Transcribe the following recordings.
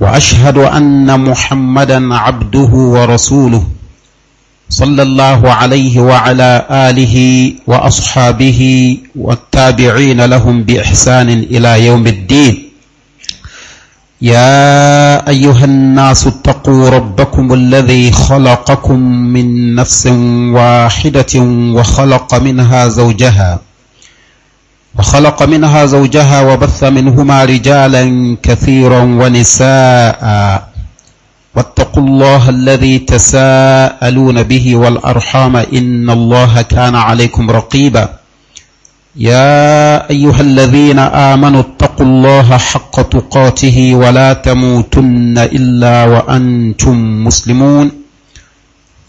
واشهد ان محمدا عبده ورسوله صلى الله عليه وعلى اله واصحابه والتابعين لهم باحسان الى يوم الدين يا ايها الناس اتقوا ربكم الذي خلقكم من نفس واحده وخلق منها زوجها وخلق منها زوجها وبث منهما رجالا كثيرا ونساء واتقوا الله الذي تساءلون به والارحام ان الله كان عليكم رقيبا يا ايها الذين امنوا اتقوا الله حق تقاته ولا تموتن الا وانتم مسلمون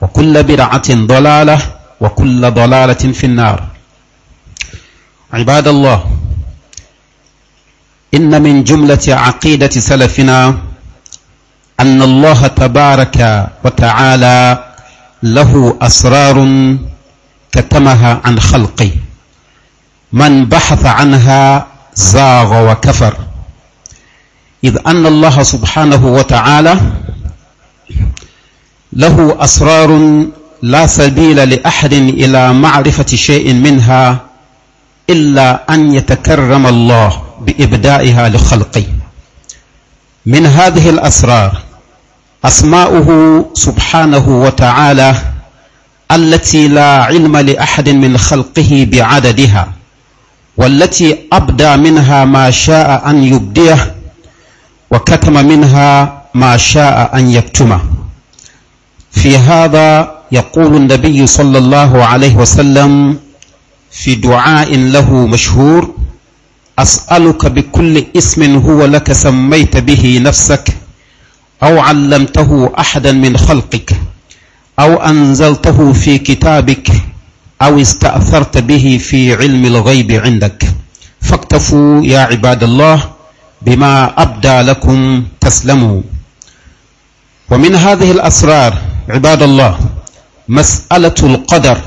وكل بدعة ضلالة وكل ضلالة في النار عباد الله إن من جملة عقيدة سلفنا أن الله تبارك وتعالى له أسرار كتمها عن خلقه من بحث عنها زاغ وكفر إذ أن الله سبحانه وتعالى له أسرار لا سبيل لأحد إلى معرفة شيء منها إلا أن يتكرم الله بإبدائها لخلقه من هذه الأسرار أسماؤه سبحانه وتعالى التي لا علم لأحد من خلقه بعددها والتي أبدى منها ما شاء أن يبديه وكتم منها ما شاء أن يكتمه في هذا يقول النبي صلى الله عليه وسلم في دعاء له مشهور أسألك بكل اسم هو لك سميت به نفسك أو علمته أحدا من خلقك أو أنزلته في كتابك أو استأثرت به في علم الغيب عندك فاكتفوا يا عباد الله بما أبدى لكم تسلموا ومن هذه الأسرار عباد الله مسألة القدر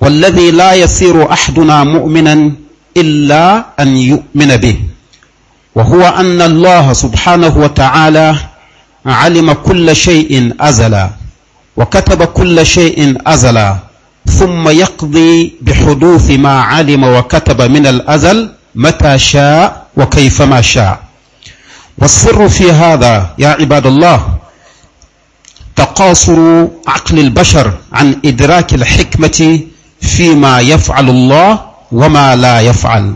والذي لا يسير أحدنا مؤمنا إلا أن يؤمن به وهو أن الله سبحانه وتعالى علم كل شيء أزلا وكتب كل شيء أزلا ثم يقضي بحدوث ما علم وكتب من الأزل متى شاء وكيفما شاء والسر في هذا يا عباد الله تقاصر عقل البشر عن إدراك الحكمة فيما يفعل الله وما لا يفعل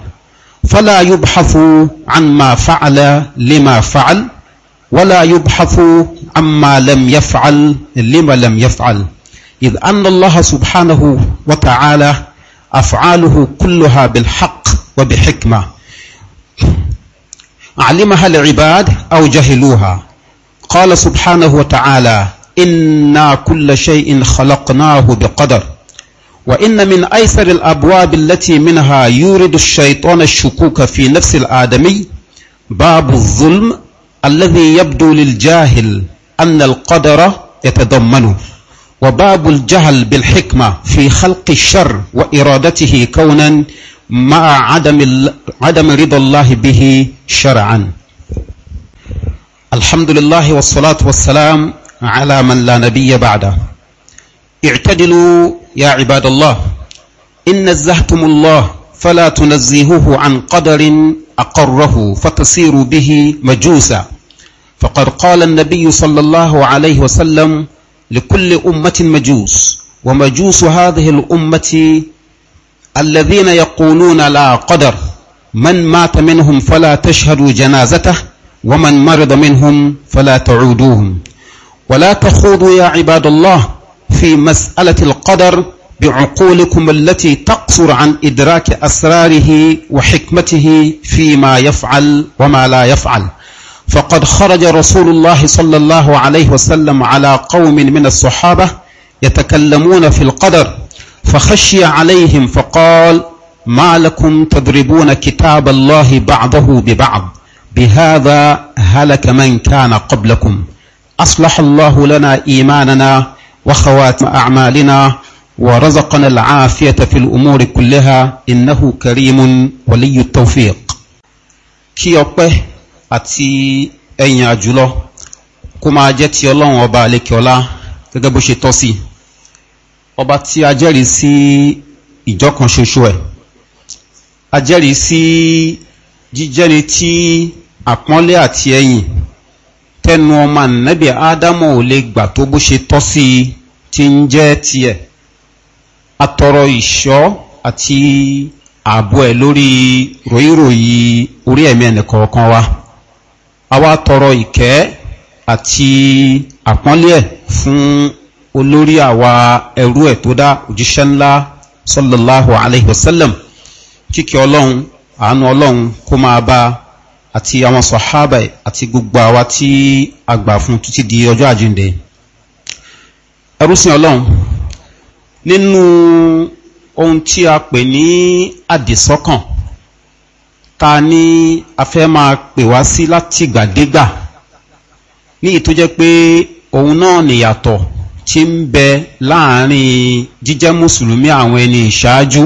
فلا يبحث عن ما فعل لما فعل ولا يبحث عما لم يفعل لما لم يفعل إذ أن الله سبحانه وتعالى أفعاله كلها بالحق وبحكمة علمها العباد أو جهلوها قال سبحانه وتعالى إنا كل شيء خلقناه بقدر وإن من أيسر الأبواب التي منها يورد الشيطان الشكوك في نفس الآدمي باب الظلم الذي يبدو للجاهل أن القدر يتضمنه وباب الجهل بالحكمة في خلق الشر وإرادته كونا مع عدم عدم رضا الله به شرعا الحمد لله والصلاة والسلام على من لا نبي بعده اعتدلوا يا عباد الله إن نزهتم الله فلا تنزهوه عن قدر أقره فتصير به مجوسا فقد قال النبي صلى الله عليه وسلم لكل أمة مجوس ومجوس هذه الأمة الذين يقولون لا قدر من مات منهم فلا تشهدوا جنازته ومن مرض منهم فلا تعودوهم ولا تخوضوا يا عباد الله في مسألة القدر بعقولكم التي تقصر عن إدراك أسراره وحكمته فيما يفعل وما لا يفعل فقد خرج رسول الله صلى الله عليه وسلم على قوم من الصحابة يتكلمون في القدر فخشي عليهم فقال ما لكم تضربون كتاب الله بعضه ببعض بهذا هلك من كان قبلكم أصلح الله لنا إيماننا وخواتم أعمالنا ورزقنا العافية في الأمور كلها إنه كريم ولي التوفيق kí ọpẹ́ àti ẹ̀yìn àjùlọ kó máa jẹ́ ti ọlọ́run ọba àlekèọlá gẹ́gẹ́ bó ṣe tọ́ sí ọba tí a jẹ́rìí sí ìjọkan ṣoṣo ẹ̀ a jẹ́rìí sí jíjẹ́ni tí àpọ́nlé àti ẹ̀yìn tẹnu ọmọ ànábì adamu ò lè gbà tó bó ṣe tọ́ sí i ti ń jẹ́ tiẹ̀ atọrọ ìṣọ́ àti ààbò ẹ̀ lórí ròyìnròyìn orí ẹ̀mí ẹnìkọ̀ọ̀kan wa àwa tọrọ ìkẹ́ àti àpọ́nlé ẹ̀ fún olórí àwa ẹrú ẹ̀ tó dá òjíṣẹ́ ńlá sallallahu alaihi wasallam kíkẹ́ ọlọ́run àánú ọlọ́run kó máa bá a àti àwọn sọ̀hábà àti gbogbo àwa tí a gbà fún títí di ọjọ́ àjíǹde ẹrúsìn ọlọ́run nínú ohun tí a pè ní àdìsọ́kàn ta ni a fẹ́ máa pè wá sí látìgbàdégbà ní èyí tó jẹ́ pé òun náà nìyàtọ̀ tí ń bẹ láàrin jíjẹ́ mùsùlùmí àwọn ẹni ìṣáájú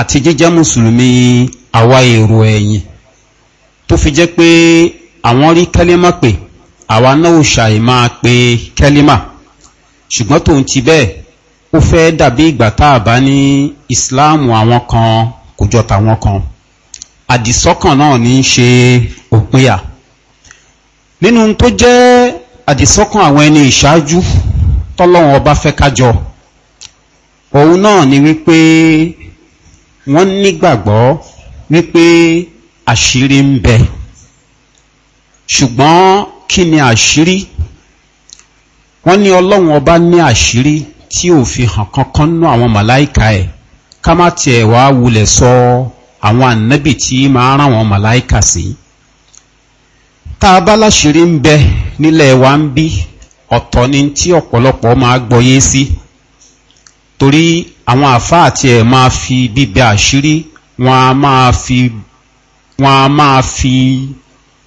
àti jíjẹ́ mùsùlùmí àwa èrò ẹ̀yìn tó fi jẹ́ pé àwọn rí kẹ́límà pé àwa náà ò ṣàì máa pe kẹ́límà ṣùgbọ́n tòun ti bẹ́ẹ̀ ó fẹ́ dàbí ìgbà tá ní ìsìláàmù àwọn kan kò jọ tàwọn kan àdìsọ́kàn náà ní í ṣe òpinya nínú tó jẹ́ àdìsọ́kàn àwọn ẹni ìṣáájú tọ́lọ́wọ́n ọba fẹ́ kájọ òun náà ni wípé wọ́n nígbàgbọ́ wípé àṣírí ń bẹ ṣùgbọ́n kí ni àṣírí wọ́n ní ọlọ́run ọba ní àṣírí tí ò fi hàn kankan nú àwọn màláìka ẹ̀ ká má tiẹ̀ wá wulẹ̀ sọ àwọn ànábì tí máa rán àwọn màláìka sí tá a bá láṣírí ń bẹ nílẹ̀ wa ń bí ọ̀tọ̀ ni tí ọ̀pọ̀lọpọ̀ máa gbọ́yé sí torí àwọn àfáà tiẹ̀ máa fi bíbẹ àṣírí wọn a máa fi wọn a máa fi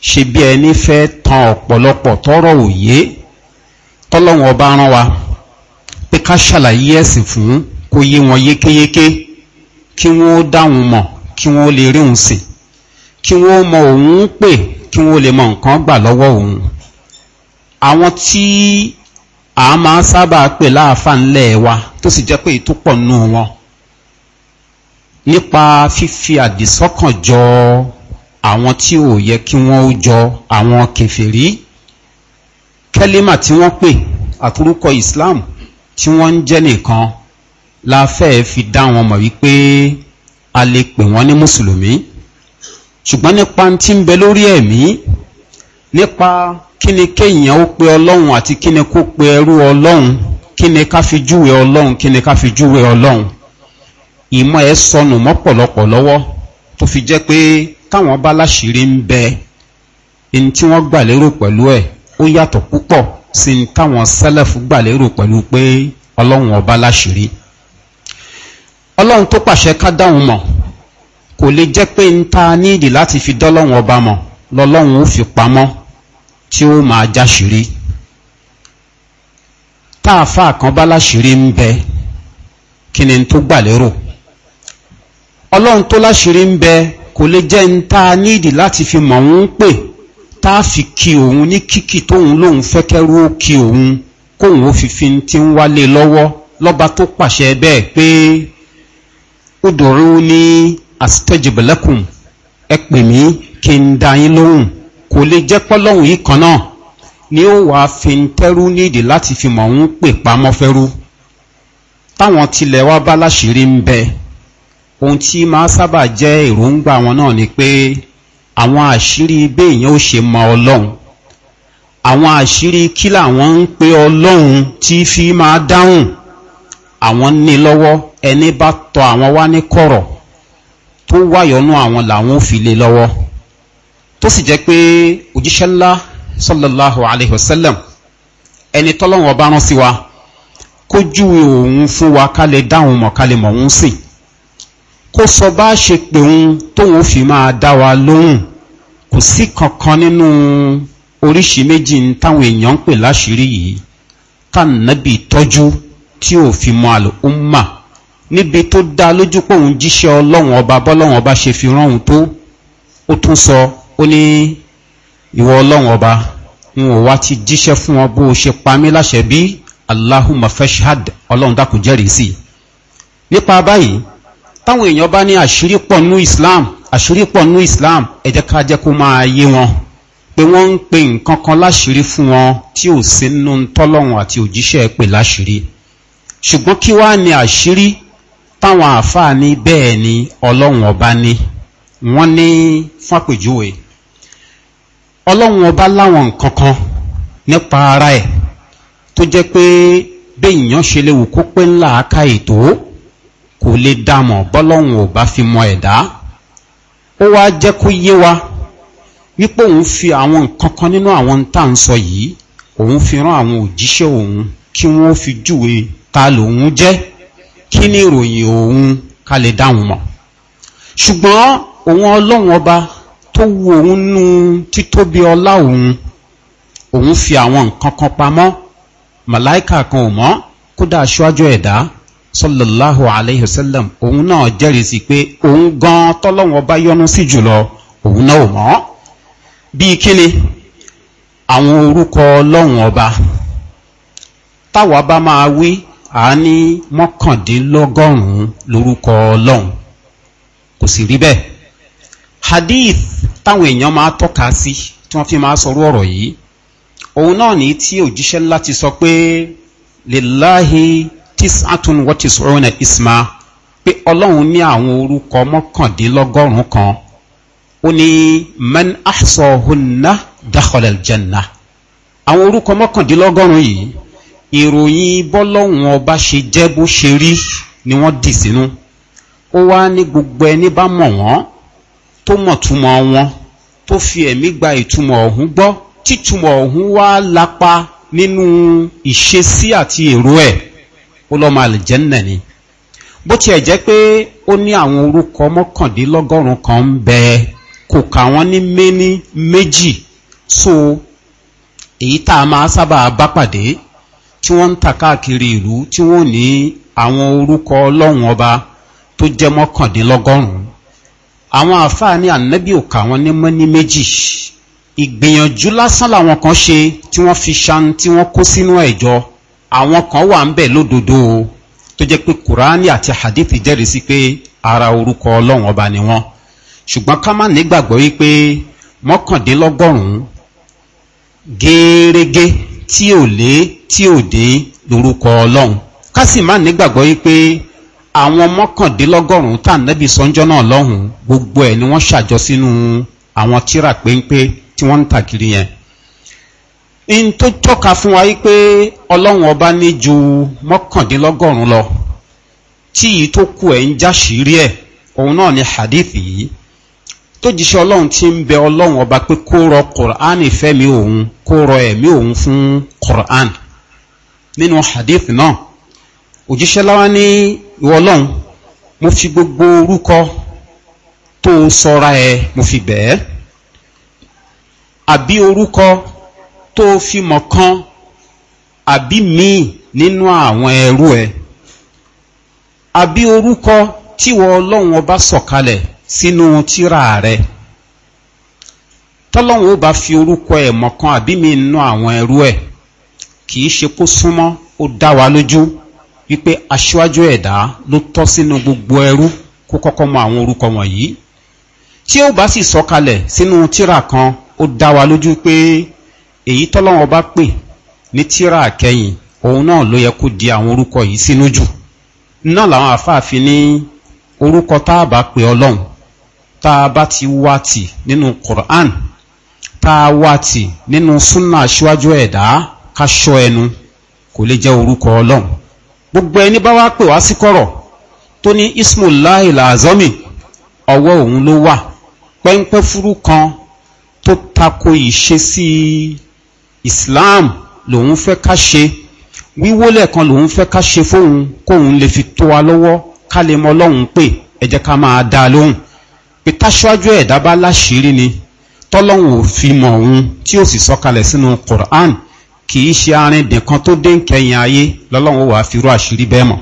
ṣe bí ẹni fẹ́ tan ọ̀pọ̀lọpọ̀ tọ́rọ̀ òye tọ́lọ́wọ̀n ọba rán wa pé ká ṣàlàyé ẹ̀sìn fún kó yé wọn yékéyéké kí wọ́n ó dáhùn mọ̀ kí wọ́n ó lè rí òun sìn kí wọ́n ó mọ òun pè kí wọ́n ó lè mọ nǹkan gbà lọ́wọ́ òun àwọn tí a máa sábà pè láàfà wa tó sì jẹ́ pé ètò pọ̀ nù wọn nípa fífi àdìsọ́kàn jọ àwọn tí ò yẹ kí wọ́n ó jọ àwọn kẹfẹ̀rí kẹ́límà tí wọ́n pè àtúrúkọ islam tí wọ́n ń jẹ́ nìkan la fẹ́ fi dá wọn mọ̀ wípé a lè pè wọ́n ní mùsùlùmí ṣùgbọ́n nípa tí ń bẹ lórí ẹ̀mí nípa kíni kéèyàn ó pe ọlọ́run àti kíni kó pe ẹrú ọlọ́run kíni ká fi júwe ọlọ́run kíni ká fi júwe ọlọ́run ìmọ̀ ẹ sọnù mọ́pọ̀lọpọ̀ lọ́wọ́ tó fi jẹ́ pé táwọn bá láṣìírí ń bẹ ẹni tí wọ́n gbà lérò pẹ̀lú ẹ̀ ó yàtọ̀ púpọ̀ sí ní táwọn sẹ́lẹ̀fù gbà lérò pẹ̀lú pé ọlọ́run ọba láṣìírí ọlọ́run tó pàṣẹ ká dáhùn mọ̀ kò lè jẹ́ pé ń ta níìdì láti fi dọ́lọ́run ọba mọ̀ lọ́lọ́run ó fi pamọ́ tí ó máa jáṣìírí táàfà kan bá láṣìírí ń bẹ kí ni tó gbà lérò ọlọ́run tó láṣìírí ń bẹ kò lè jẹ́ ń ta níìdì láti fi mọ̀ ń pè tá a fi kí òun ní kíkì tóun lóun fẹ́ kẹ́rú ó kí òun kóun ó fi fi ti ń wálé lọ́wọ́ lọ́ba tó pàṣẹ bẹ́ẹ̀ pé ó ní àsìtẹ́jìbẹ̀lẹ́kùn ẹ pè mí kí n da yín lóhùn kò lè jẹ́ pọ́lọ́hùn yìí kan náà ni ó wàá fi ń tẹ́rú níìdì láti fi mọ̀ ń pè pamọ́ fẹ́rú táwọn tilẹ̀ wá bá láṣìírí ń bẹ́ẹ̀ ohun tí máa sábà jẹ́ èròǹgbà wọn náà ni pé àwọn àṣírí béèyàn ó ṣe mọ ọlọ́run àwọn àṣírí kí làwọn ń pe ọlọ́run tí fi máa dáhùn àwọn ní lọ́wọ́ ẹni bá tọ àwọn wá ní kọ̀rọ̀ tó wáyọnú àwọn làwọn ò fi lé lọ́wọ́ tó sì jẹ́ pé òjíṣẹ́ ńlá sallallahu alayhi wa sallam ẹni tọ́lọ́wọ̀n ọba rán sí wa kójú òun fún wa ká lè dáhùn mọ̀ ká lè mọ̀ òun sìn kó sọ bá ṣe pè òun tóun fi máa dá wa lóhùn kò sí kankan nínú oríṣi méjì táwọn èèyàn ń pè láṣìírí yìí tànàbì tọ́jú tí ò fi mọ àlùmà níbi tó dá lójú pé òun jíṣẹ́ ọlọ́run ọba bọ́lọ́run ọba ṣe fi rán tó ó tún sọ ó ní ìwọ ọlọ́run ọba n ò wá ti jíṣẹ́ fún wọn bó o ṣe pa mí láṣẹ bí allahumma feshad ọlọ́run dákun jẹ́rìí sí nípa báyìí táwọn èèyàn bá ní àṣírí pọ̀ nú islam àṣírí pọ̀ nú islam ẹ jẹ́ ká jẹ́ kó máa yé wọn pé wọ́n ń pe nǹkan kan láṣírí fún wọn tí ò sí nú tọ́lọ́run àti òjíṣẹ́ pè láṣírí ṣùgbọ́n kí wá ní àṣírí táwọn àáfàá ní bẹ́ẹ̀ ni ọlọ́run ọba ní wọ́n ní fápèjúwe ọlọ́run ọba láwọn nǹkan kan nípa ara ẹ̀ tó jẹ́ pé béèyàn ṣe léwu kó pé ńlá àáká ètò kò lè dámọ̀ bọ́lọ́hun ò bá fi mọ ẹ̀dá ó wá jẹ́ kó yé wa wípé òun fi àwọn nǹkan kan nínú àwọn tá à ń sọ yìí òun fi rán àwọn òjíṣẹ́ òun kí wọ́n fi júwe ta lòun jẹ́ kí ni ìròyìn òun ká lè dáhùn mọ̀ ṣùgbọ́n òun ọlọ́run ọba tó wu òun nu títóbi ọlá òun òun fi àwọn nǹkan kan pamọ́ màláìkà kan ò mọ̀ kódà aṣáájú ẹ̀dá sallallahu alayhi wa sallam òun náà jẹ́rìí sí pé òun gan tọ́lọ́wọ́n bá yọnu sí jùlọ òun náà ò mọ́ bíi kíni àwọn orúkọ ọlọ́run ọba táwa bá máa wí a ní mọ́kàndínlọ́gọ́rùn-ún lórúkọ ọlọ́run kò sì rí bẹ́ẹ̀ hadith táwọn èèyàn máa tọ́ka sí tí wọ́n fi máa sọrú ọ̀rọ̀ yìí òun náà ní tí òjíṣẹ́ ńlá sọ pé lèláhi tisatun watisrona isma pé ọlọ́run ní àwọn orúkọ mọ́kàndínlọ́gọ́rùn-ún kan ó ní man ahsahunna dakhala aljanna àwọn orúkọ mọ́kàndínlọ́gọ́rùn-ún yìí ìròyìn bọ́lọ́hun ọba ṣe jẹ́ bó ṣe rí ni wọ́n dì sínú ó wá ní gbogbo ẹni bá mọ̀ wọ́n tó mọ̀ túmọ̀ wọn tó fi ẹ̀mí gba ìtumọ̀ ọ̀hún gbọ́ títúmọ̀ ọ̀hún wá lapa nínú ìṣesí àti èrò ẹ̀ ó lọ́mọ àlìjẹ́nà ni bó tiẹ̀ jẹ́ pé ó ní àwọn orúkọ mọ́kàndínlọ́gọ́rùn-ún kan ń bẹ kò kà wọ́n ní méní méjì so èyí tá a máa sábà bá pàdé tí wọ́n ń ta káàkiri ìlú tí wọ́n ní àwọn orúkọ ọlọ́run ọba tó jẹ́ mọ́kàndínlọ́gọ́rùn-ún àwọn àfáà ní ànábì ò kà wọ́n ní mọ́ní méjì ìgbìyànjú lásán làwọn kan ṣe tí wọ́n fi ṣan tí wọ́n kó sínú ẹ̀jọ́ e àwọn kan wà ń bẹ̀ lódodo tó jẹ́ pé kùránì àti hadithi jẹ́rìí sí pé ara orúkọ ọlọ́run ọba ni wọ́n ṣùgbọ́n ká má nígbàgbọ́ wípé mọ́kàndínlọ́gọ́rùn-ún gẹ́ẹ́rẹ́gẹ́ tí ò lé tí ò dé lórúkọ ọlọ́run ká sì má nígbàgbọ́ wípé àwọn mọ́kàndínlọ́gọ́rùn-ún tá nẹ́bí sọ́njọ́ náà lọ́hùn-ún gbogbo ẹ̀ ni wọ́n ṣàjọ sínú àwọn tíra péńpé tí wọ́n ń tàkiri yẹn in tó tọ́ka fún wa wípé ọlọ́run ọba ní ju mọ́kàndínlọ́gọ́rùn lọ tí yìí tó kù ẹ̀ ń jáṣírí ẹ̀ òun náà ni hadithi yìí tó jíṣẹ́ ọlọ́run ti ń bẹ ọlọ́run ọba pé kó rọ quran ìfẹ́mi òun kó rọ ẹ̀mí òun fún quran nínú hadithi náà òjíṣẹ́ láwa ní ìwọ ọlọ́run mo fi gbogbo orúkọ tó sọra ẹ mo fi bẹ́ẹ̀ àbí orúkọ tó fi mọ̀ kan àbí míì nínú àwọn ẹrú ẹ àbí orúkọ tíwọ ọlọ́run ọba sọ̀kalẹ̀ sínú tíra rẹ tọ́lọ́run ó bá fi orúkọ ẹ̀ mọ̀ kan àbí míì nínú àwọn ẹrú ẹ kì í ṣe kó súnmọ́ ó dá wa lójú wípé aṣíwájú ẹ̀dá ló tọ́ sínú gbogbo ẹrú kó kọ́kọ́ mọ àwọn orúkọ wọ̀nyí tí ó bá sì sọ̀kalẹ̀ sínú tíra kan ó dá wa lójú pé èyí tọ́lọ́wọ́ bá pè ní tíra àkẹyìn òun náà ló yẹ kó di àwọn orúkọ yìí sínú jù náà làwọn àfáàfin ní orúkọ tá bá pè ọlọ́run tá bá ti wá tì nínú quran tá a wá tì nínú súnà aṣíwájú ẹ̀dá ká ṣọ ẹnu kò lè jẹ́ orúkọ ọlọ́run gbogbo ẹni bá wá pè wá sí kọ̀rọ̀ tó ní ismullahi lazomi ọwọ́ òun ló wà pẹ́ńpẹ́ fúrú kan tó tako ìṣesí islam lòun fẹ́ ká ṣe wíwólẹ̀ kan lòun fẹ́ ká ṣe fóun kóun lè fi tó wa lọ́wọ́ ká lè mọ ọlọ́run pé ẹjẹ́ ká máa dá a lóhùn pé táṣáájú ẹ̀dá bá láṣìírí ni tọ́lọ́hùn ò fi mọ̀ òun tí ó sì sọ́kalẹ̀ sínú quran kì í ṣe arìndìn kan tó dé nkẹyìn ayé lọ́lọ́run ó wàá fi rú àṣírí bẹ́ẹ̀ mọ̀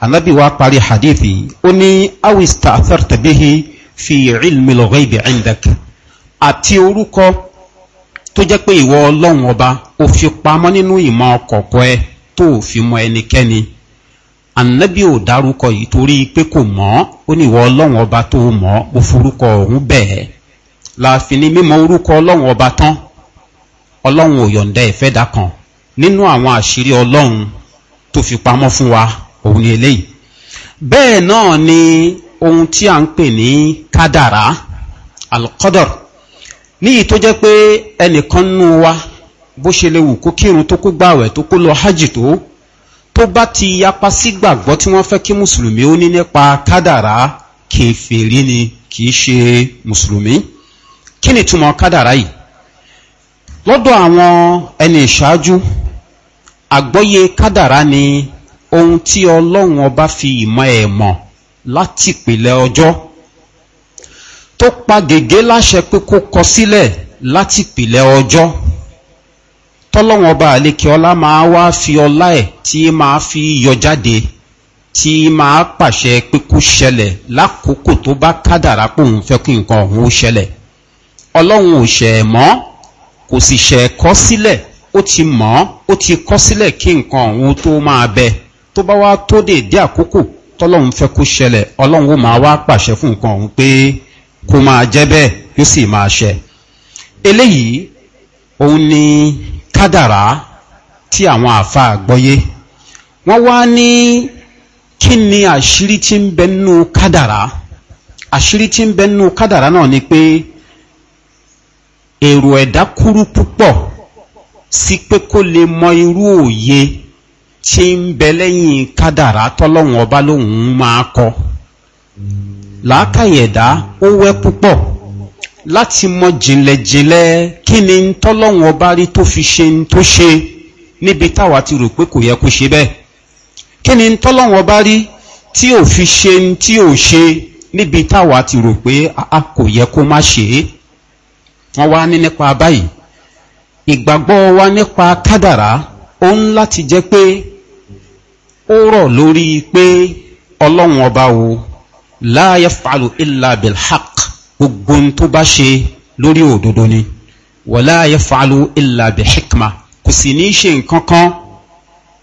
anabi wa parí hadith yìí ó ní awista athartabihi fi ilmi lọ́gọ́ ibi ẹ̀ńdẹ̀k àti orúkọ tó jẹ́ pé ìwọ ọlọ́run ọba ó fi pamọ́ nínú ìmọ̀ ọkọ̀ọ̀kọ̀ ẹ tó fi mọ ẹnikẹ́ni ànábì ò dárúkọ yìí torí pé kò mọ́ ó ní ìwọ ọlọ́run ọba tó mọ́ ó forúkọ ọ̀hún bẹ́ẹ̀ láàfin ni mímọ orúkọ ọlọ́run ọba tán ọlọ́run ò yọ̀ǹda ìfẹ́dà kan nínú àwọn àṣírí ọlọ́run tó fi pamọ́ fún wa òun ni eléyìí bẹ́ẹ̀ náà ni ohun tí a ń pè ní kádàrá alkọ́dọ̀rù níyì tó jẹ́ pé ẹnìkan nú wa bó ṣe lè wù kó kírun tó kó gbààwẹ̀ tó kó lọ hajj tó tó bá ti yapa sí gbàgbọ́ tí wọ́n fẹ́ kí mùsùlùmí ó ní nípa kádàrá kèfèrí ni kì í ṣe mùsùlùmí kí ni túmọ̀ kádàrá yìí lọ́dọ̀ àwọn ẹni ìṣáájú àgbọ́yé kádàrá ni ohun tí ọlọ́run ọba fi ìmọ̀ ẹ̀ mọ̀ láti pìlẹ̀ ọjọ́ tó pa gègé láṣẹ pé kó kọ sílẹ̀ láti pìlẹ̀ ọjọ́ tọ́lọ́wọ́n ọba àlekè ọlá máa wá fi ọlá ẹ̀ tí máa fi yọ jáde tí máa pàṣẹ pé kó ṣẹlẹ̀ lákòókò tó bá kádàrá pò ń fẹ́ kí nǹkan ọ̀hún ó ṣẹlẹ̀ ọlọ́run ò ṣẹ̀ mọ́ kò sì ṣẹ̀ kọ́ sílẹ̀ ó ti mọ̀ ó ti kọ́ sílẹ̀ kí nǹkan ọ̀hún tó máa bẹ tó bá wá tó dèédé àkókò tọ́lọ́run fẹ́ kó ṣẹlẹ̀ ọlọ́run ó máa wá pàṣẹ fún nǹkan ọ̀hún pé kó máa jẹ́ bẹ́ẹ̀ yóò sì máa ṣẹ eléyìí òun ni kádàrá tí àwọn àfa àgbọ́yé wọ́n wá ní kí ni àṣírí tí ń bẹ nínú kádàrá àṣírí tí ń bẹ kádàrá náà ni pé èrò ẹ̀dá kúrú púpọ̀ sí pé kó lè mọ irú òye tí ń bẹ lẹ́yìn kádàrá tọ́lọ́hún ọba lòun máa kọ làákàyẹ̀dá ó wẹ́ púpọ̀ láti mọ jìnlẹ̀jìnlẹ̀ kí ni ń tọ́lọ́wọ́n bá rí tó fi ṣe ń tó ṣe níbi táwa ti rò pé kò yẹ kó ṣe bẹ́ẹ̀ kí ni ń tọ́lọ́wọ́n bá rí tí ò fi ṣe ń tí ò ṣe níbi táwa ti rò pé a kò yẹ kó má ṣe é wọ́n wá ní nípa báyìí ìgbàgbọ́ wa nípa kádàrá ó ń láti jẹ́ pé ó rọ̀ lórí pé ọlọ́run ọba wo la yaf'alu illa bil haqq gbogbo tó bá ṣe lórí òdodo ni wala yaf'alu illa bi hikma kò sì ní ṣe nǹkan kan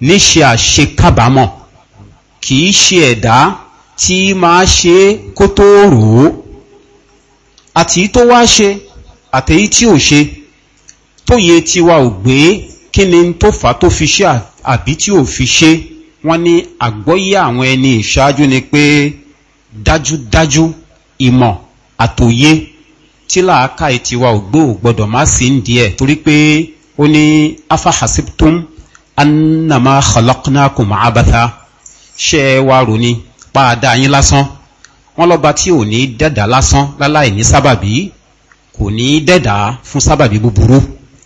ní ṣe àṣekábàámọ̀ kì í ṣe ẹ̀dá tí máa ṣe kó tó rò ó àti tó wá ṣe àtẹ̀yí tí ò ṣe tóye tiwa ò gbé kí ni tó fà tó fi ṣe àbí tí ò fi ṣe wọ́n ní àgbọ́yé àwọn ẹni ìṣáájú ni pé dájúdájú ìmọ̀ àtòyé tí làákà ìtiwa ògbó gbọdọ̀ má sí ń díẹ̀ torí pé ó ní afahasiptum annama khalaqnakum abatha ṣe é wá roni pàdá yín lásán wọn lọba tí ò ní dẹ́dà lásán láláì ní sábàbí kò ní dẹ́dà fún sábàbí búburú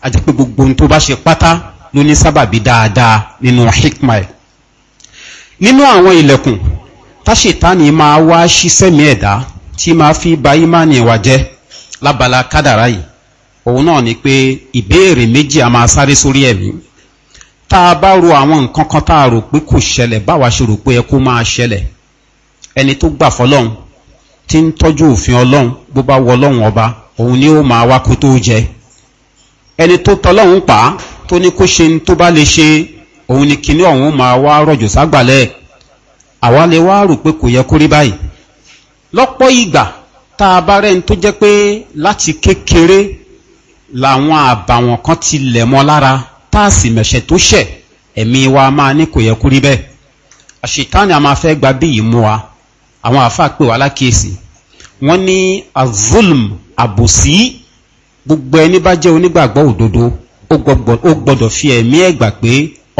àti pé gbogbo ohun tó bá ṣe pátá ló ní sábàbí dáadáa nínú hikma nínú àwọn ilẹ̀kùn táṣetánì máa wá ṣíṣẹ́mi ẹ̀dá tí máa fi ba ìmánì wa jẹ́ lábala kádàrá yìí òun náà ni pé ìbéèrè méjì a máa sáré sórí ẹ̀mí tá a bá ro àwọn nǹkan kan tá a rò pé kò ṣẹlẹ̀ báwa ṣe rò pé ẹ máa ṣẹlẹ̀ ẹni tó gbà fọlọ́run tí ń tọ́jú òfin ọlọ́run bó bá wọ ọlọ́run ọba òun ni ó máa wá kó tó jẹ ẹni tó tọlọ́run pa tó ní kó ṣe ní tó bá lè ṣe òun ni kinní ọ̀hún máa wá rọ̀jò ságbàlẹ̀ àwa lè wá rò pé kò yẹ kó rí báyìí lọ́pọ̀ ìgbà tá a bá rẹ́ni tó jẹ́ pé láti kékeré làwọn àbàwọ̀n kan ti lẹ̀ mọ́ lára tá a sì mẹ̀ṣẹ̀ tó ṣẹ̀ ẹ̀mí wa máa ní kò yẹ kó rí bẹ́ẹ̀ àṣetáni a máa fẹ́ gba bí yìí mú wa àwọn àáfàá pè wá lákìyèsí wọ́n ní azulm àbòsí gbogbo ẹni bá jẹ́ onígbàgbọ́ òdodo ó gbọ́dọ̀ fi ẹ̀mí ẹ̀ gbà pé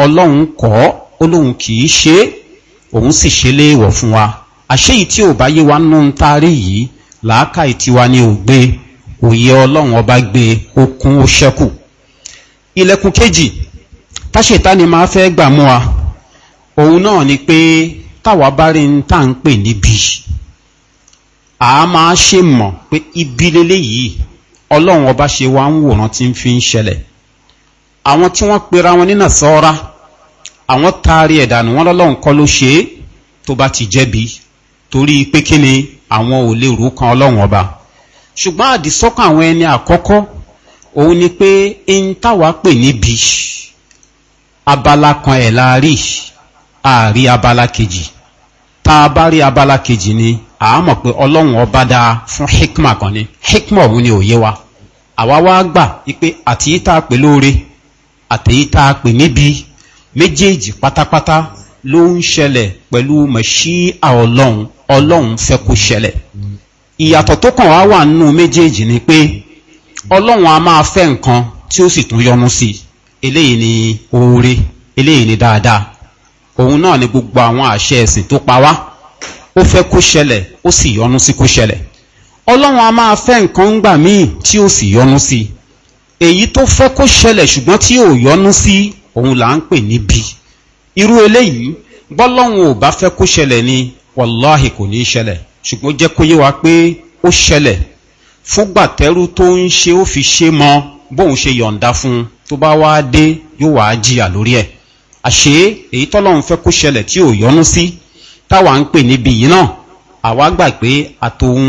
ọlọ́run kọ́ ó lóun kì í ṣe é òun sì ṣe léèwọ̀ fún wa àṣéyìí tí ò bá yé wa nú ń taari yìí làákàyè tiwa ni ò gbé òye ọlọ́run ọba gbé okun ó ṣẹ́kù ilẹ̀kùn kejì táṣetá ni máa fẹ́ gbà mú wa òun náà ni pé táwa bá rí ń tà ń pè níbi a máa ṣe mọ̀ pé ibi leléyìí ọlọ́run ọba ṣe wá ń wòran tí ń fi ń ṣẹlẹ̀ àwọn tí wọ́n pera wọn nínà sọ́ra àwọn taari ẹ̀dànù wọn lọ́lọ́run kọ́ ló ṣe é tó bá ti jẹ́bi torí pé kí ni àwọn ò lè rú kan ọlọ́run ọba ṣùgbọ́n àdìsọ́kàn àwọn ẹni àkọ́kọ́ òun ni pé ń táwa pè níbi abala kan ẹ̀ la rí àárí abala kejì tá a bá rí abala kejì ni àámọ̀ pé ọlọ́run ọba dáa fún hikma kan ni hikma òun ni òye wa àwa wá gbà pé àtìyí tá a pè lóore àtìyí tá a pè níbi méjèèjì pátápátá ló ń ṣẹlẹ̀ pẹ̀lú mẹ̀ṣí ọlọ́run ọlọ́run fẹ́ kó ṣẹlẹ̀ ìyàtọ̀ tó kàn wá wà nínú méjèèjì ni pé ọlọ́run a máa fẹ́ nǹkan tí ó sì tún yọnu sí eléyìí ni oore eléyìí ni dáadáa òun náà ni gbogbo àwọn àṣẹ ẹ̀sìn tó pa wá ó fẹ́ kó ṣẹlẹ̀ ó sì yọnu sí kó ṣẹlẹ̀ ọlọ́run a máa fẹ́ nǹkan ńgbà míì tí ó sì yọnu sí èyí tó fẹ́ kó ṣẹlẹ̀ ṣùgbọ́n tí ò yọnu sí òun là ń pè níbi irú eléyìí bọ́lọ́hun ò bá fẹ́ kó ṣẹlẹ̀ ni wàláhì kò ní í ṣẹlẹ̀ ṣùgbọ́n jẹ́ kó yé wa pé ó ṣẹlẹ̀ fúgbà tẹ́rú tó ń ṣe ó fi ṣe mọ bóun ṣe yọ̀ǹda fún un tó bá wá dé yóò wá jìyà lórí ẹ̀ àṣé èyí tọ́lọ́hun fẹ́ kó ṣẹlẹ̀ tí ò yọnu sí táwa ń pè níbi yìí náà àwa gbà pé àtòun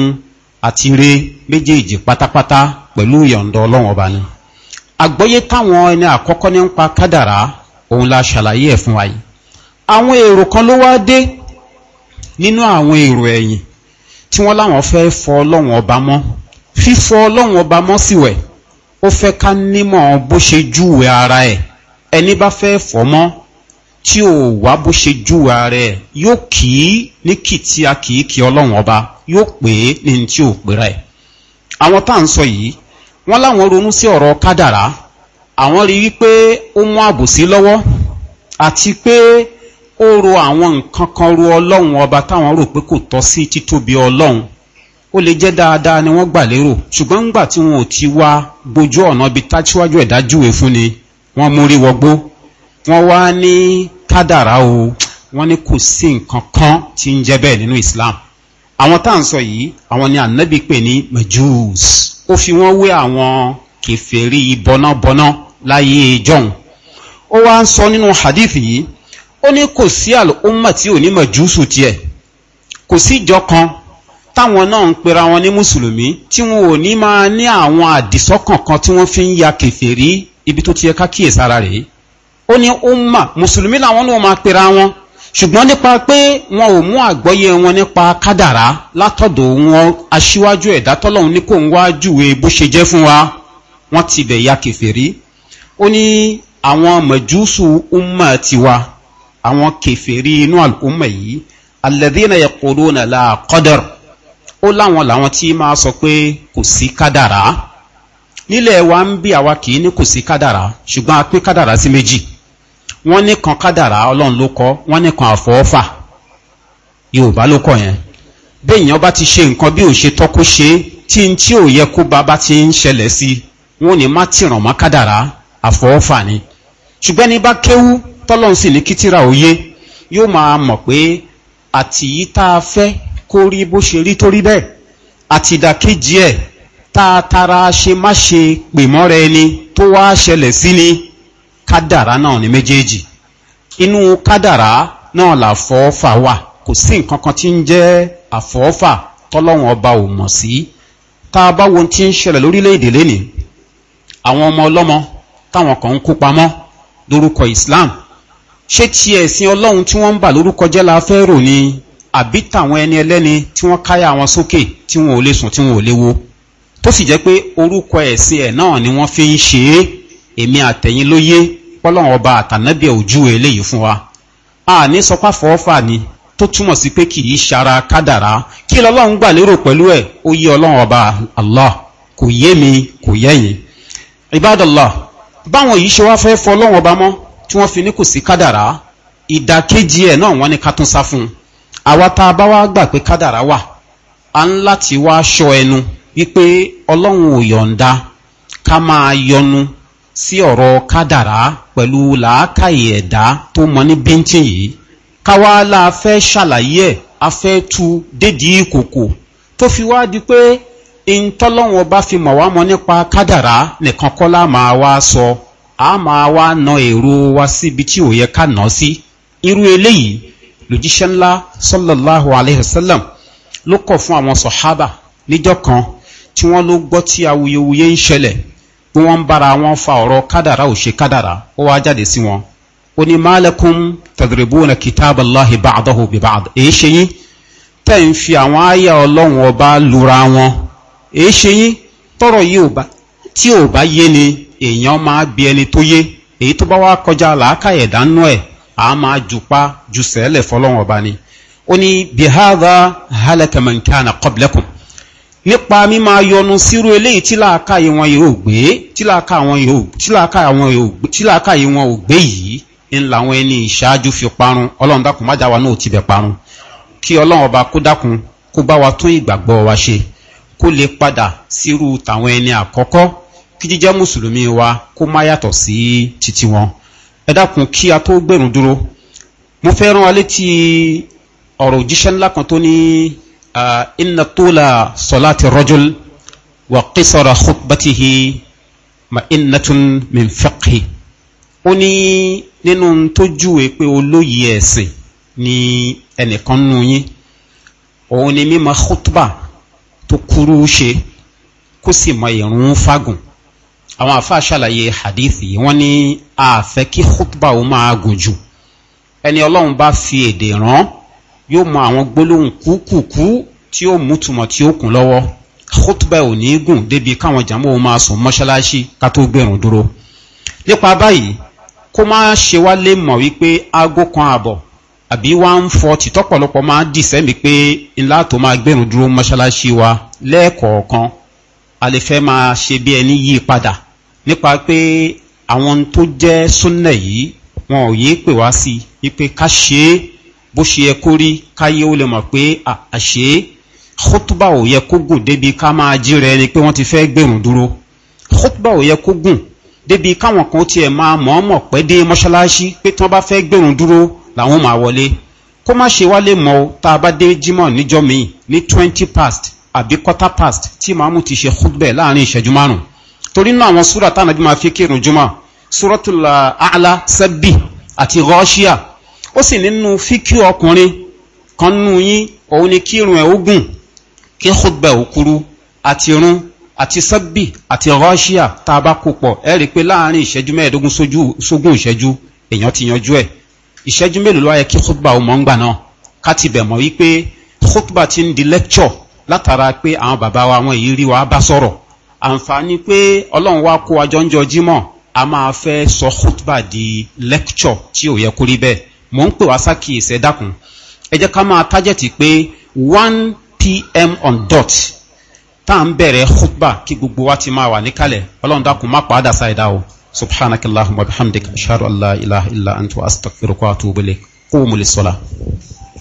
àti re méjèèjì pátápátá pẹ̀lú ìyọ̀ǹda ọlọ́run ọba ni àgbọ́yé táwọn ẹni àkọ́kọ́ nípa kádàrá òun la ṣàlàyé ẹ̀ fún wa yìí àwọn èrò kan ló wá dé nínú àwọn èrò ẹ̀yìn tí wọ́n láwọn fẹ́ fọ ọlọ́run ọba mọ́ fífọ ọlọ́run ọba mọ́ síwẹ̀ ó fẹ́ ká nímọ̀ bó ṣe júwe ara ẹ̀ ẹni bá fẹ́ fọ mọ́ tí ò wá bó ṣe júwe ara ẹ̀ yóò kì í ní kì tí a kì í kí ọlọ́run ọba yóò pè é ní tí ò pèrà àwọn tá à ń sọ yìí wọ́n láwọn ronú sí ọ̀rọ̀ kádàrá àwọn rí wípé ó mú àbòsí lọ́wọ́ àti pé ó ro àwọn nǹkan kan ru ọlọ́run ọba táwọn rò pé kò tọ́ sí títóbi ọlọ́run ó lè jẹ́ dáadáa ni wọ́n gbà lérò ṣùgbọ́n ńgbà tí wọn ò ti wá gbojú ọ̀nà bíi táṣíwájú ẹ̀dá júwe fún ni wọ́n mórí wọgbó wọ́n wá ní kádàrá o wọ́n ní kò sí nǹkan kan tí ń jẹ́ bẹ́ẹ̀ nínú islam àwọn tá à ń sọ yìí àwọn ni ànábì pè ní majus ó fi wọ́n wé àwọn kẹfẹ́rí bọ́nábọ́ná láyé ìjọun ó wá ń sọ nínú hadith yìí ó ní kò sí àlùmọ̀ tí ò ní mọ̀ jùúsù tiẹ̀ kò sí ìjọ kan táwọn náà ń pera wọn ní mùsùlùmí tí wọn ò ní máa ní àwọn àdìsọ́kàn kan tí wọ́n fi ń ya kẹfẹ́rí ibi tó ti yẹ ká kíyèsára rèé ó ní ó mà mùsùlùmí làwọn náà máa pera wọn ṣùgbọ́n nípa pé wọn ò mú àgbọ́yé wọn nípa kádàrá látọ̀dọ̀ wọn aṣíwájú ẹ̀dá tọ́lọ́hún ní kò ń wá júwe bó ṣe jẹ́ fún wa wọ́n ti bẹ̀ ya kẹfẹ́rí ó ní àwọn mọ̀júsù umma tiwa àwọn kẹfẹ́rí inú àlùkùnmọ̀ yìí alẹ́dínà ẹ̀kọ́rọ́ náà la kọ́dọ̀rọ̀ ó láwọn làwọn tí máa sọ pé kò sí kádàrá nílẹ̀ wa ń bí àwa kì í ní kò sí kádàrá ṣùgbọ́n a pín kádàrá sí méjì wọ́n ní kan kádàrá ọlọ́run ló kọ́ wọ́n ní kan àfọwọ́fà yorùbá ló kọ́ yẹn béèyàn bá ti ṣe nǹkan bí ò ṣe tọ́kú ṣe tí n tí ò yẹ kó ba bá ti ń ṣẹlẹ̀ sí i wọ́n ní má tìràn mọ́ kádàrá àfọwọ́fà ni ṣùgbọ́n ní bá kéwú tọ́lọ́run sì ní kítìrà òye yóò máa mọ̀ pé àtìyí tá a fẹ́ kó rí bó ṣe rí tó rí bẹ́ẹ̀ àtìdàkejì ẹ̀ tá a tara ṣe má ṣe pè mọ́ra ẹni tó wá ṣẹlẹ̀ sí ni kádàrá náà ní méjèèjì inú kádàrá náà làfọ́fà wà kò sí nǹkan kan tí ń jẹ́ àfọ́fà tọ́lọ́wọ̀n ọba ò mọ̀ sí tá a bá wo ti ń ṣẹlẹ̀ lórílẹ̀‐èdè lénìí àwọn ọmọ ọlọ́mọ táwọn kan ń kó pamọ́ lórúkọ islam ṣé ti ẹ̀sìn ọlọ́run tí wọ́n ń bà lórúkọ jẹ́ la fẹ́ rò ni àbí tàwọn ẹni ẹlẹ́ni tí wọ́n káyà wọn sókè tí wọn ò lè sùn tí wọn ò lè wo tó sì jẹ́ pé orúkọ ẹ̀sìn ẹ̀ náà ni wọ́n fi ń ṣe é èmi àtẹ̀yìn ló yé pọ́lọ́wọ́n ọba àtànábì ojú eléyìí fún wa a ní sọpá fọ́ọ́fà ni tó túmọ̀ sí pé kì í ṣara kádàrá kí lọ́lọ́run gbà lérò pẹ̀lú ẹ̀ ó yí ọlọ́run ọba allah kò yé mi kò yẹ́yìn ibadallah báwọn yìí ṣe wá fẹ́ fọ́ ọlọ́run ọba mọ́ tí wọ́n fi ní kò sí kádàrá ìdàkejì ẹ̀ náà wọ́n ní ká tún sá fún un àwa tá a bá wá gbà pé kádàrá wà a ń láti wá aṣọ ẹnu wípé ọlọ́run ò yọ̀ǹda ká máa yọnu sí ọ̀rọ̀ kádàrá pẹ̀lú làákàyè ẹ̀dá tó mọ ní bíntín yìí káwáálà fẹ́ ṣàlàyé ẹ̀ a tu dédìí ìkòkò tó fi wá di pé ìntọ́lọ́wọ́n bá fi mọ̀ wá mọ́ nípa kádàrá nìkan kọ́lá máa wá sọ a máa wá na èrò wa síbi tí ò yẹ ká nà sí irú eléyìí lòjíṣẹ́ ńlá sọ́lọ́láhu aleyhisselam ló kọ̀ fún àwọn sọ̀hábà níjọ́ kan tí wọ́n ló gbọ́ tí awuyewuye ń ṣẹlẹ̀ pé wọ́n ń bára wọn fa ọ̀rọ̀ kádàrá ò ṣe kádàrá ó wá jáde sí wọn ó ní málẹ́kùn tadribuna kitaballahi ba'dahu bi ba'd èyí ṣe yín tẹ́ ń fi àwọn àyà ọlọ́run ọba lura wọn èyí ṣe yín tọrọ yìí tí ò bá yé ni èèyàn máa bí ẹni tó yé èyí tó bá wá kọjá làákàyè dánú ẹ̀ a máa jùpá jù sẹ́lẹ̀ fọlọ́run ọba ni ó ní bihadha halaka man nípa mímá yọnu sírú eléyìí tí láàká ìwọn yóò gbé tí láàká ìwọn ò gbé yìí ń làwọn ẹni ìṣáájú fi parun ọlọ́run dákun má jáwa náà ti bẹ̀ parun kí ọlọ́run ọba kó dákun kó bá wa tún ìgbàgbọ́ wa ṣe kó lè padà sírú tàwọn ẹni àkọ́kọ́ kí jíjẹ́ mùsùlùmí wa kó má yàtọ̀ sí titi wọn ẹ dákun kí a tó gbẹ̀rún dúró mo fẹ́ rán wa ọ̀rọ̀ òjíṣẹ́ ńlá kan tó ní inna tula salati rajul wa qisara khutbatihi ma innatun min fiqhi ó ní nínú tó júwe pé olóyè ẹ̀sìn ni ẹnìkan nù yín òun ni mímọ khutba tó kúrú ṣe kó sì mọ ìrún fagùn àwọn àfa ṣàlàyé hadithi wọ́n ní àfẹ́ kí khutba ó máa gùn jù ẹni ọlọ́run bá fi èdè rán yóò mọ àwọn gbólóhùn kúkùkú tí ó mú túmọ̀ tí ó kún lọ́wọ́ khutba ò ní gùn débi káwọn jàmọ́ òun máa sùn mọ́ṣáláṣí ká tó gbẹ̀rùn dúró nípa báyìí kó má ṣe wá lè mọ̀ wípé aago kan àbọ̀ àbí wá ń fọ tìtọ́pọ̀lọpọ̀ máa dì sẹ́mi pé ńlá tó máa gbẹ̀rùn dúró mọ́ṣáláṣí wa lẹ́ẹ̀kọ̀ọ̀kan a lè fẹ́ máa ṣe bí ẹni yí padà nípa pé àwọn tó jẹ́ súnnà yìí wọn ò yéé pè wá sí i wípé ká ṣe é bó ṣe yẹ kó rí káyé ó lè mọ̀ pé àṣé khutba ò yẹ kó gùn débi ká máa jí rẹ ni pé wọ́n ti fẹ́ gbèrún dúró khutba ò yẹ kó gùn débi káwọn kan tiẹ̀ máa mọ̀ọ́mọ̀ pẹ́ dé mọ́ṣáláṣí pé tí wọ́n bá fẹ́ gbèrún dúró làwọn máa wọlé kó má ṣe wálé mọ́ o tá a bá dé jimọ̀ níjọ́ míì ní twenty past àbí quarter past tí màámu ti ṣe khutba ẹ̀ láàrin ìṣẹ́jú márùn-ún torí náà àwọn súrà táwọn ẹbí máa fi kírun jùmọ̀ súrọ́tùlà àlá sẹ́bì àti rọ́ṣíà ó sì nínú fíkí ọkùnrin kan nù yín òun ni kí irun ẹ̀ ó gùn kí khutba ò kúrú àti irun àti sọ́bì àti rọ́ṣíà tá a bá kó pọ̀ ẹ rí i pé láàrin ìṣẹ́jú mẹ́ẹ̀ẹ́dógún sógún ìṣẹ́jú èèyàn ti yanjú ẹ̀ ìṣẹ́jú mélòó ló kí khutba ò ń gbà náà ká ti bẹ̀ mọ́ wípé khutba ti ń di lecture látara pé àwọn bàbá wa àwọn èyí rí wa bá sọ̀rọ̀ àǹfààní pé ọlọ́run wá kó ajọ́ ń jọ jímọ̀ a máa fẹ́ sọ khutba di lecture tí ò yẹ kó bẹ́ẹ̀ mò ń pè wá sákìyèsí ẹ dákun ẹ jẹ́ ká máa tájẹ̀tì pé one pm on dot tá à ń bẹ̀rẹ̀ khutba kí gbogbo wa ti máa wà níkàlẹ̀ ọlọ́run dákun má pa á dà sáyẹ̀dá o subhanaka allahumma bihamdika ashhadu an la ilaha illa anta astaghfiruka wa atubu ilayk qumu lis-salah.